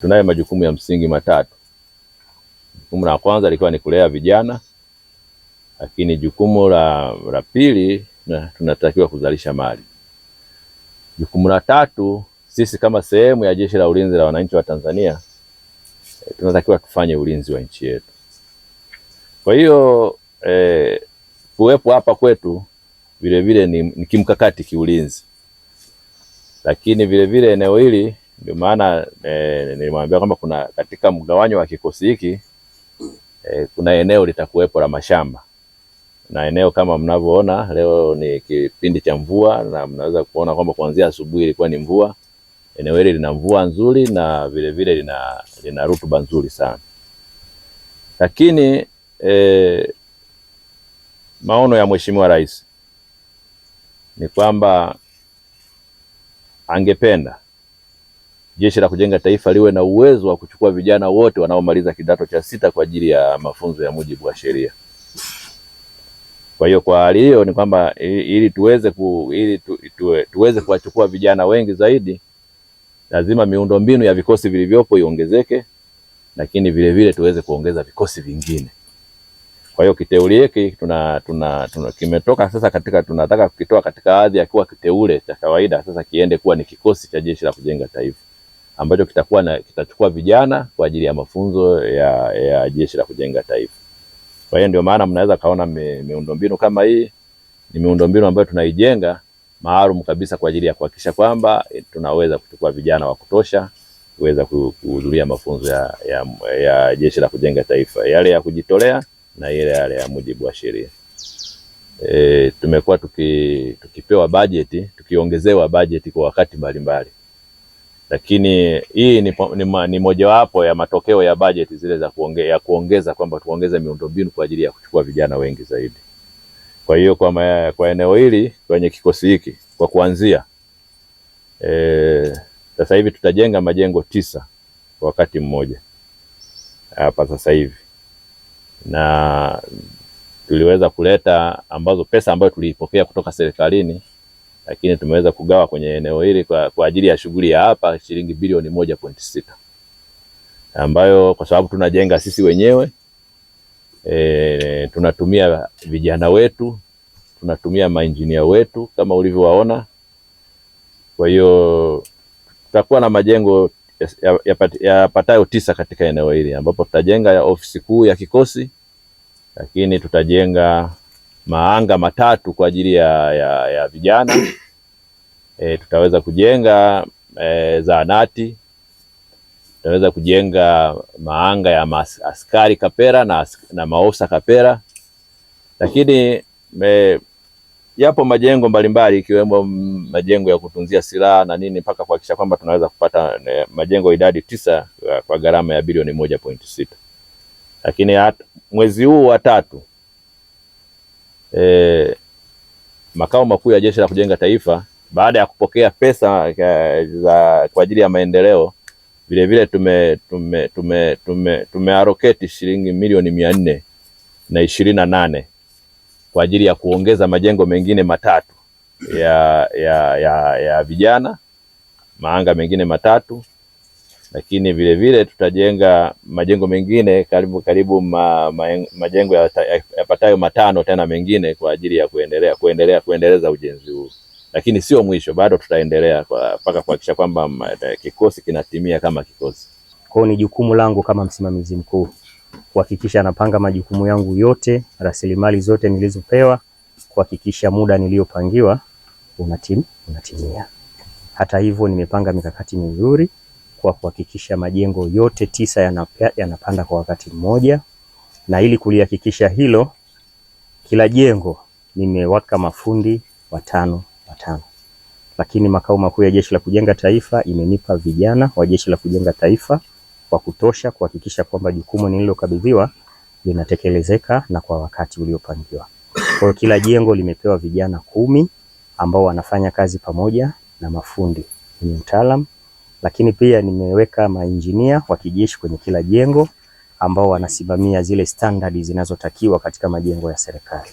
Tunayo majukumu ya msingi matatu. Jukumu la kwanza likiwa ni kulea vijana, lakini jukumu la, la pili na, tunatakiwa kuzalisha mali. Jukumu la tatu sisi kama sehemu ya Jeshi la Ulinzi la Wananchi wa Tanzania e, tunatakiwa tufanye ulinzi wa nchi yetu. Kwa hiyo e, kuwepo hapa kwetu vilevile ni, ni kimkakati kiulinzi, lakini vilevile eneo hili ndio maana eh, nilimwambia kwamba kuna katika mgawanyo wa kikosi hiki eh, kuna eneo litakuwepo la mashamba na eneo kama mnavyoona leo ni kipindi cha mvua, na mnaweza kuona kwamba kuanzia asubuhi ilikuwa ni mvua. Eneo hili lina mvua nzuri na vilevile lina, lina rutuba nzuri sana, lakini eh, maono ya Mheshimiwa Rais ni kwamba angependa Jeshi la Kujenga Taifa liwe na uwezo wa kuchukua vijana wote wanaomaliza kidato cha sita kwa ajili ya mafunzo ya mujibu wa sheria. Kwa hiyo kwa hali hiyo ni kwamba ili tuweze ku, ili tu, tuwe, tuweze kuwachukua vijana wengi zaidi, lazima miundombinu ya vikosi vilivyopo iongezeke, lakini vile vile tuweze kuongeza vikosi vingine. Kwa hiyo kiteuli hiki tuna, tuna, tuna, kimetoka sasa katika, tunataka kukitoa katika hadhi ya kuwa kiteule cha kawaida, sasa kiende kuwa ni kikosi cha Jeshi la Kujenga Taifa ambacho kitakuwa na, kitachukua vijana kwa ajili ya mafunzo ya, ya Jeshi la Kujenga Taifa. Kwa hiyo ndio maana mnaweza kaona me, miundombinu kama hii ni miundombinu ambayo tunaijenga maalum kabisa kwa ajili ya kuhakikisha kwamba eh, tunaweza kuchukua vijana wa kutosha kuweza kuhudhuria mafunzo ya, ya, ya Jeshi la Kujenga Taifa, yale ya kujitolea na ile yale ya mujibu wa sheria. E, tumekuwa tuki, tukipewa bajeti tukiongezewa bajeti kwa wakati mbalimbali lakini hii ni, ni, ni mojawapo ya matokeo ya bajeti zile za kuonge, ya kuongeza kwamba tuongeze miundombinu kwa ajili ya kuchukua vijana wengi zaidi. Kwa hiyo kwa, kwa eneo hili kwenye kikosi hiki kwa kuanzia e, sasa hivi tutajenga majengo tisa kwa wakati mmoja hapa sasa hivi, na tuliweza kuleta ambazo pesa ambayo tuliipokea kutoka serikalini lakini tumeweza kugawa kwenye eneo hili kwa, kwa ajili ya shughuli ya hapa shilingi bilioni moja pointi sita ambayo kwa sababu tunajenga sisi wenyewe e, tunatumia vijana wetu, tunatumia mainjinia wetu kama ulivyowaona. Kwa hiyo tutakuwa na majengo yapatayo ya, ya tisa katika eneo hili ambapo tutajenga ofisi kuu ya kikosi, lakini tutajenga maanga matatu kwa ajili ya, ya, ya vijana e, tutaweza kujenga e, zahanati tutaweza kujenga maanga ya mas, askari kapera na, na maosa kapera, lakini me, yapo majengo mbalimbali ikiwemo majengo ya kutunzia silaha na nini mpaka kuhakikisha kwamba tunaweza kupata ne, majengo idadi tisa e, kwa gharama ya bilioni moja pointi sita lakini at, mwezi huu wa tatu e, makao makuu ya Jeshi la Kujenga Taifa baada ya kupokea pesa e, za kwa ajili ya maendeleo vilevile tume tume tume tume tumearoketi shilingi milioni mia nne na ishirini na nane kwa ajili ya kuongeza majengo mengine matatu ya, ya, ya, ya vijana maanga mengine matatu lakini vilevile tutajenga majengo mengine karibu karibu ma, ma, majengo yapatayo ya matano tena mengine kwa ajili ya kuendelea kuendelea kuendeleza ujenzi huu, lakini sio mwisho, bado tutaendelea mpaka kuhakikisha kwamba kikosi kinatimia kama kikosi. Kwa ni jukumu langu kama msimamizi mkuu kuhakikisha napanga majukumu yangu yote, rasilimali zote nilizopewa, kuhakikisha muda niliyopangiwa unatim, unatimia. Hata hivyo nimepanga mikakati mizuri kwa kuhakikisha majengo yote tisa yanapanda kwa wakati mmoja, na ili kulihakikisha hilo, kila jengo nimewaka mafundi watano watano. Lakini makao makuu ya Jeshi la Kujenga Taifa imenipa vijana wa Jeshi la Kujenga Taifa wa kutosha kuhakikisha kwamba jukumu nililokabidhiwa linatekelezeka na kwa wakati uliopangiwa. Kwa hiyo kila jengo limepewa vijana kumi ambao wanafanya kazi pamoja na mafundi wenye utaalamu lakini pia nimeweka mainjinia wa kijeshi kwenye kila jengo ambao wanasimamia zile standardi zinazotakiwa katika majengo ya serikali.